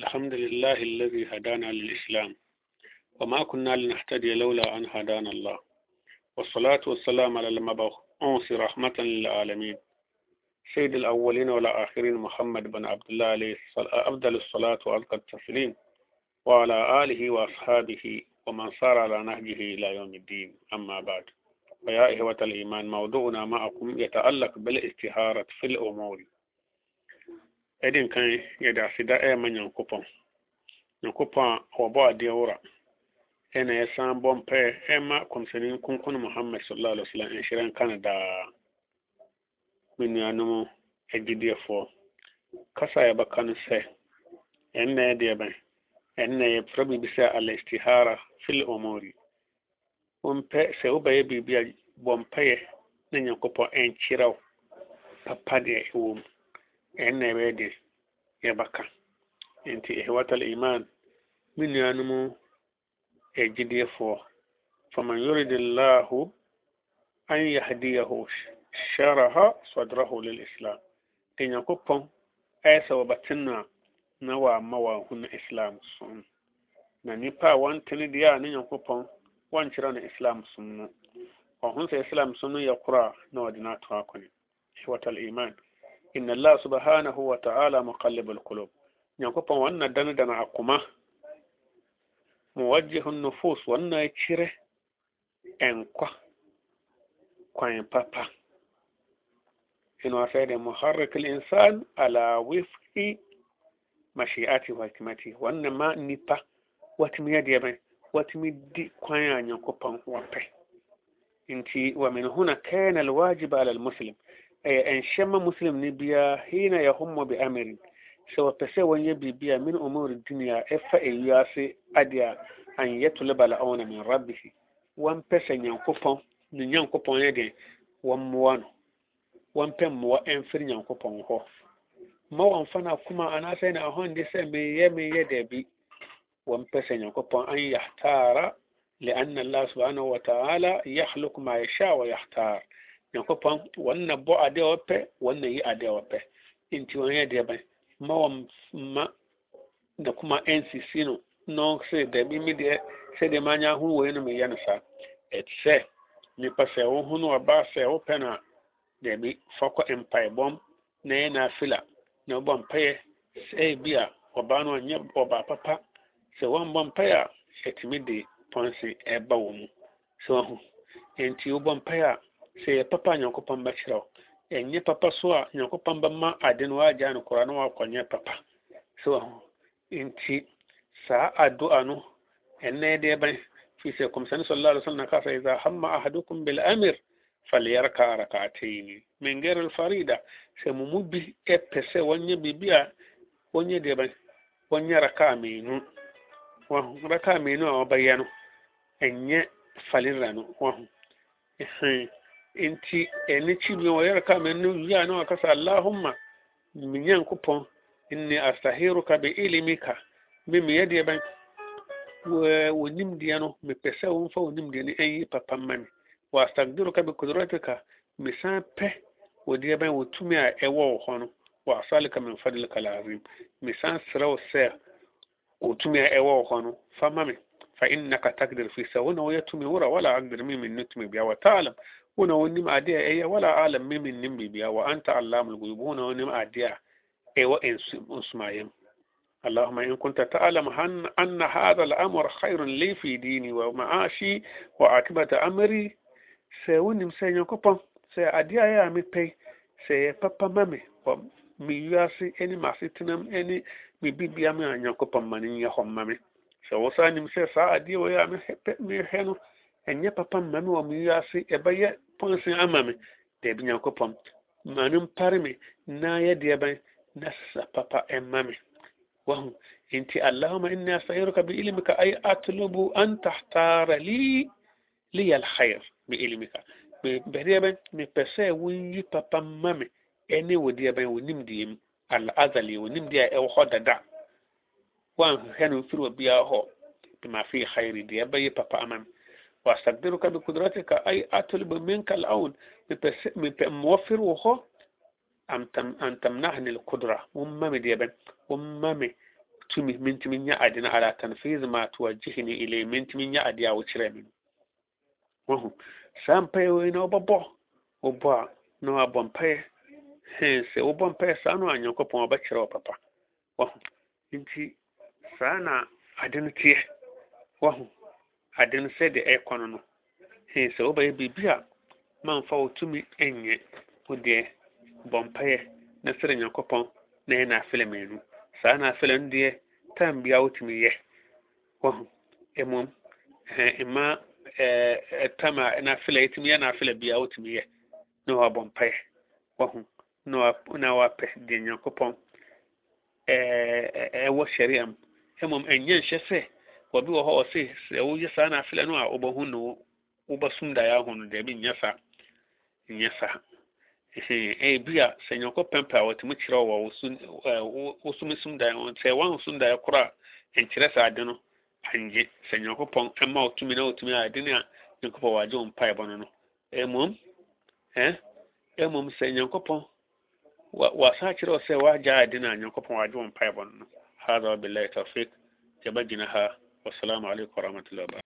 الحمد لله الذي هدانا للإسلام وما كنا لنهتدي لولا أن هدانا الله والصلاة والسلام على المبعوث رحمة للعالمين سيد الأولين والآخرين محمد بن عبد الله عليه الصلاة أفضل الصلاة وألقى التسليم وعلى آله وأصحابه ومن صار على نهجه إلى يوم الدين أما بعد فيا إخوة الإيمان موضوعنا معكم يتعلق بالاستهارة في الأمور ɛdi nkan yɛde aseda ɛɛma nyankopɔn nyankopɔn a wɔbɔ adeɛ wora ɛna yɛsan bɔ mpaɛ ɛma kɔmsɛni konkon muhammad sallallahu alaihi wasallam nhyerɛ nka no daa me nuanom agyidiefoɔ kasa a yɛbɛka no sɛ ɛnna yɛde yɛbɛn ɛnna yɛfrɛ biribi sɛ alistihara fil omori wompɛ sɛ wobɛyɛ biribi a bɔ mpaeɛ na nyankopɔn ɛnkyerɛ wo papa deɛ ɛwɔ mu ɛnna ɛbɛyɛ deɛ yɛbaka nti ihwatal iman me nuanom agyidiɛfoɔ faman yurid llahu an yahdiyahu sharaha sadrahu lilislam nti nyankopɔn ɛyɛ sɛ wɔbɛte no a na wɔama wɔahunu islam som na nnipa a wɔntene deɛ a ne nyankopɔn wɔnkyerɛ no islam som no ɔho sɛ islam som no yɛ korɔ a na wɔde no ato akɔne ihwatal iman إن الله سبحانه وتعالى مقلب القلوب نقول نعم، وأن دنا دنا أقوما موجه النفوس وأن يشره أنقى كوين بابا إن وفاد محرك الإنسان على وفق مشيئتي وحكمتي وأن ما نبا واتمي يدي بي واتمي دي كوين نقول نعم، ومن هنا كان الواجب على المسلم ɛnhyɛma eh, muslim ne bia hina ya humma bi amirin sɛ wɔpɛ sɛ wɔnyɛ biribi a min umuri dini a ɛfa ewiase adeɛ a an yɛtoleba na min rabbihi wɔmpɛ sɛ nyankopɔn ne nyankopɔn yɛ den wɔmmoa no wɔmpɛ mmoa ɛmfiri nyankopɔn hɔ ma wɔmfa no akoma anaasɛ ne ahɔnde sɛ meyɛ meyɛ daabi wɔmpɛ sɛ nyankopɔn an yahtara لأن الله سبحانه وتعالى يخلق ما يشاء ويختار nyankopɔn wɔn na bɔ adeɛ wɔpɛ wɔn na yi adeɛ wɔpɛ nti wɔn yɛ deɛ bɛn mma wɔn mma na kuma nsisi no na ɔsɛ dɛbi mi deɛ sɛdeɛ maa nya ho wɔ yi no mi yɛ no saa ɛti sɛ nipa sɛ wɔn ho no ɔbaa sɛ wɔpɛ no a dɛbi fɔkɔ mpaebɔm na yɛ na afila na ɔbɔ mpaeɛ sɛ bi a ɔbaa no ɔnyɛ ɔbaa papa sɛ wɔn bɔ mpaeɛ a ɛtumi de pɔnse ɛba wɔn mu sɛ wɔn ho nti wɔbɔ mpaeɛ a. sɛ yɛ papa nyankopɔn bɛkyerɛ wo ɛnyɛ papa so a nyankopɔn bɛma ade no waagya no koraa na waakɔnyɛ papa sɛ wahu nti saa ado ano ɛnɛ deɛ bɛn firi sɛ kɔmsɛne sallallahu alaihi wasallam ka sɛ idha hamma ahadukum bil falyarka rak'atayn min ghayr al sɛ mu bi ɛpɛ sɛ wɔnyɛ biribi a wɔnyɛ deɛ bɛn wɔnyɛ raka mmienu wahu raka mmienu a wɔbɛyɛ no ɛnyɛ falira no wahu nti ɛne kyibia wɔyɛre ka mane wie a na wɔka sɛ allahumma me nyankopɔn inni astahiruka be ilimika me meyɛ deɛ bɛn wo nimdeɛ no mepɛ sɛ womfa wo nimdeɛ no ɛnyi papa ma me wɔastagdiruka be kudratika mesan pɛ wo deɛ bɛn wo tumi a ɛwɔ wo hɔ no wɔasalika min fadlika alazim mesan serɛ wo sɛ wo tumi a ɛwɔ wo hɔ no fa ma me fa innaka takdir fi sɛ wo na woyɛ tumi wora wala agdir min min ne tumi bia wɔtaalam هنا ونم أديا أيه ولا أعلم من من نم بيا وأنت علام الغيوب هنا ونم أديا أي وإن سمعهم اللهم إن كنت تعلم أن هذا الأمر خير لي في ديني ومعاشي وعاقبة أمري سيونم سينكوبا سيأديا يا مبي سيبابا مامي me wiase ne m'asetenam ne me bibia me a nyankopɔn ma no nyɛ hɔ mma me sɛ wo saa nim sɛ saa adeɛ wɔ yɛ a mehwɛ no ɛnyɛ papa mma me wɔ me yi ase ɛbɛyɛ pɔnsen ama me daabi nyankopɔn ma no mpare me na yɛ deɛ bɛn na sa papa ɛma me wahu nti allahuma inni asairuka bi ilmika ay atlubu an tahtara li li alkhair bi ilmika me bɛdeɛ bɛn mepɛ sɛ wonyi papa mma me ɛne wo deɛ bɛn wo nimdeɛ mu alazali wo nimdeɛ a ɛwɔ hɔ dada woanhwehwɛ no mfiri wɔ biara hɔ bima fii khairi deɛ ɛbɛyɛ papa ama me wastakdiruka bikudratika ay atlubu minka alaun mipemmofir woho an tamnahni alqudra wummami deɓen wummami tumi min timi ala tanfise ma tuwajjihini iley min timi ña'adi ya wahu san paye woyno oba no a bon hense wo bon paye a nyankopɔn ɔbɛkyerɛ wo papa wahu nti wahu ade no sɛdeɛ ɛrekɔ no no hei sɛ wobɛyɛ biribi a mamfa wo nyɛ wo bɔ mpaeɛ na srɛ nyankopɔn na ɛyɛ naafele mmienu saa naafele no deɛ tam biara wotumi yɛ wahu mmom mma tam a naafele ɛtumi yɛ naafele biara wotumi yɛ na wabɔ mpaeɛ wahu na wapɛ deɛ nyankopɔn ɛwɔ hyɛrea mu mmom ɛnyɛ nhyɛ sɛ obi wɔ hɔ ɔse sɛ woyɛ saa naafila no a wobɛhu no wobɛsom daeɛ aho no nyɛ saa nyɛ saa a sɛ a wɔtumi kyerɛ wɔ wosom som ho sɛ woansom korɔ a nkyerɛ saa ade no angye sɛ nyankopɔn na a ade no a nyankopɔn wɔagye wo mpaebɔ no no mmom mmom sɛ nyankopɔn a nyankopɔn wɔagye wo mpaebɔ no no والسلام عليكم ورحمة الله وبركاته